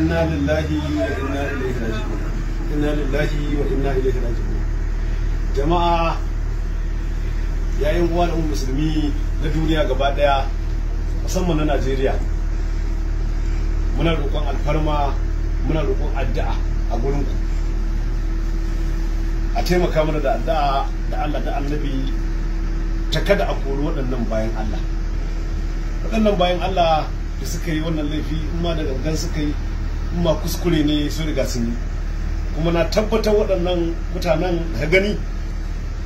inna lillahi wa inna ilaihi raji'un inna lillahi wa inna ilaihi raji'un jama'a yayin uwa da musulmi na duniya gaba daya musamman na Najeriya muna roƙon alfarma muna roƙon addu'a a gurin ku a taimaka mana da addu'a da Allah da Annabi ta kada a kori waɗannan bayan Allah waɗannan bayan Allah da suka yi wannan laifi in ma da gangan suka yi ma kuskure ne sun riga sun yi kuma na tabbatar waɗannan mutanen da gani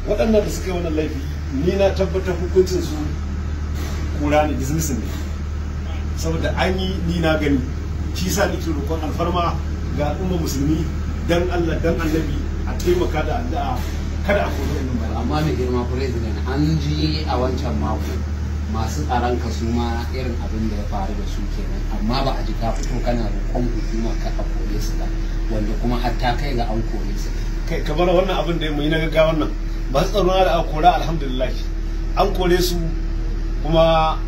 waɗannan da suka yi wannan laifi ni na tabbatar hukuncin su kura ne dismissing ne saboda an yi ni na gani shi sa nake roƙon alfarma ga al'umma musulmi dan Allah dan annabi a taimaka da addu'a kada a da wannan bara amma mai girma president an ji a wancan mako masu tsaron ka su ma irin abin da ya faru da su kenan amma ba a ji ka fito kana roƙon hukuma ka a kore su ba wanda kuma hatta kai ga an kore su kai kamar wannan abin da ya yi na gaga wannan ba su tsaro da a kora alhamdulillah an kore su kuma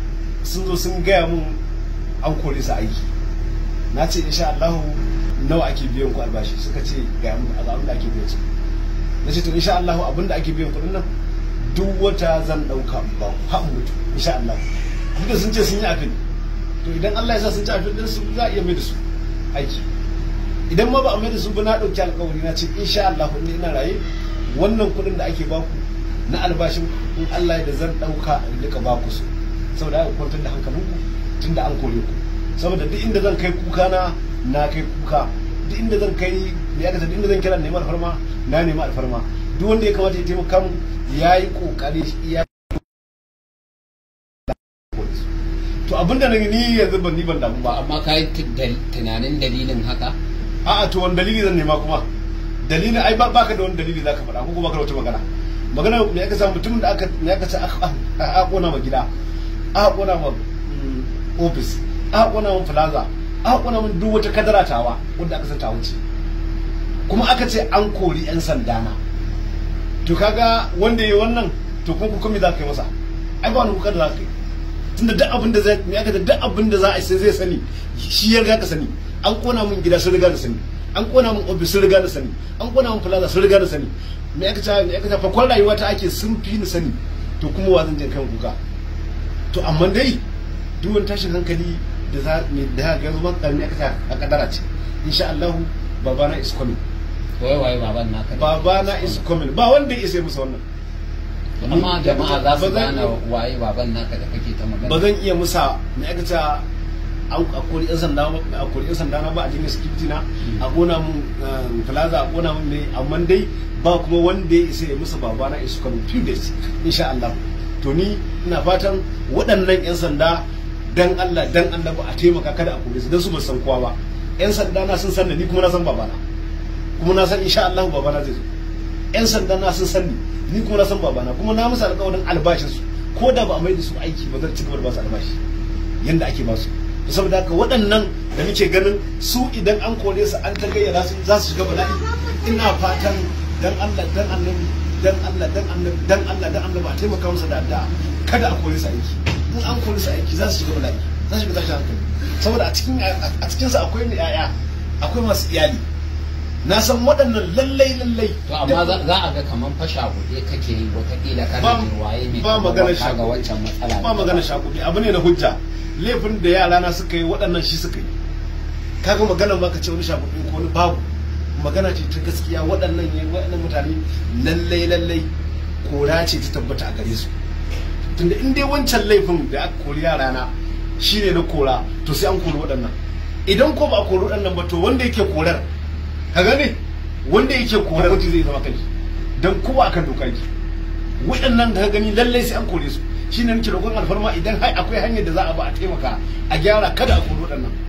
sun zo sun gaya mun an kore su aiki na ce insha Allah nawa ake biyan ku albashi suka ce ga mun abin da ake biyan su na ce to insha Allah abin da ake biyan kuɗin nan duk wata zan ɗauka ba ha mutu insha Allah duk sun ce sun yi abin to idan Allah ya sa sun ci abin din su za a iya mai da su aiki idan ma ba a mai da su ba na ɗauki alƙawari na ce insha Allah ne ina raye wannan kuɗin da ake baku na albashin in Allah ya da zan ɗauka in duka baku su saboda aka kwantar da hankalinku tunda an kore ku saboda duk inda zan kai kuka na na kai kuka duk inda zan kai ya ga duk inda zan kira neman alfarma na neman alfarma duk wanda ya kamata ya taimaka mu ya yi kokari ya to abinda na ni yanzu ban ni ban damu ba amma ka yi tunanin dalilin haka a'a to wani dalili zan nema kuma dalilin ai ba ka da wani dalili zaka faɗa ko kuma ka wata magana magana me aka samu mutumin da aka me aka ce a kona ma gida a kona ma mm, office a kona ma plaza a kona ma duk wata kadara tawa wanda aka san ta wuce kuma aka ce an kori yan sanda na to kaga wanda ya wannan to kun kuka me za ka yi masa ai ba wani kuka da za ka yi tunda duk abin da zai ya aka duk abin da za a sai zai sani shi ya riga ka sani an kona mun gida sun riga da sani an kona mun ofis sun riga da sani an kona mun plaza sun riga da sani me aka ta me aka ta fakon rayuwa ta ake sun fi ni sani to kuma wa zan je kan kuka to amma dai duk wani tashin hankali da za da ga yanzu ban karmi aka ta a kadara ce insha Allah babana is coming wai wai baban naka baba na is coming ba wanda ya isa musu wannan amma jama'a za su gane waye baban naka da kake ta magana ba zan iya musa me aka ta a kori yan sanda a kori yan sanda na ba a jini security na hmm. a gona mun eh, plaza a gona mun ne amma dai ba kuma wanda ya isa ya musu baba na is coming few days insha Allah to ni ina fatan waɗannan yan sanda dan Allah dan Allah ba a taimaka kada a kore su dan su ba san kowa ba yan sanda na sun san da ni kuma na san babana kuma na san insha Allah babana zai zo yan sanda na sun sani ni kuma na san babana kuma na musu alƙawarin albashin su ko da ba a mai da su aiki ba zan ci da ba su albashi yanda ake ba su saboda haka waɗannan da muke ganin su idan an kore su an ta gayyara su za su shiga bala'i ina fatan dan Allah dan annabi dan Allah dan annabi dan Allah dan annabi a taimaka musu da addu'a kada a kore su aiki in an kore su aiki za su shiga bala'i za su shiga tashin hankali saboda a cikin a cikin sa akwai ne yaya akwai masu iyali na san waɗannan lallai lallai to amma za a ga kaman fasha guje kake yi kila kana jin waye ne ba magana ga wancan matsala ba magana shaguɗe abu ne na hujja laifin da yara na suka yi waɗannan shi suka yi kaga magana ba ka ce wani shaguɗe ko wani babu magana ce ta gaskiya waɗannan waɗannan mutane lallai lallai kora ce ta tabbata a gare su tunda in dai wancan laifin da aka kori yara na shine na kora to sai an kori waɗannan idan ko ba a kori waɗannan ba to wanda yake korar ka gane wanda yake kore mutum zai zama kanshi dan kowa akan doka ki waɗannan da ka gani lallai sai an kore su shine nake roƙon alfarma idan akwai hanyar da za a ba a taimaka a gyara kada a kori waɗannan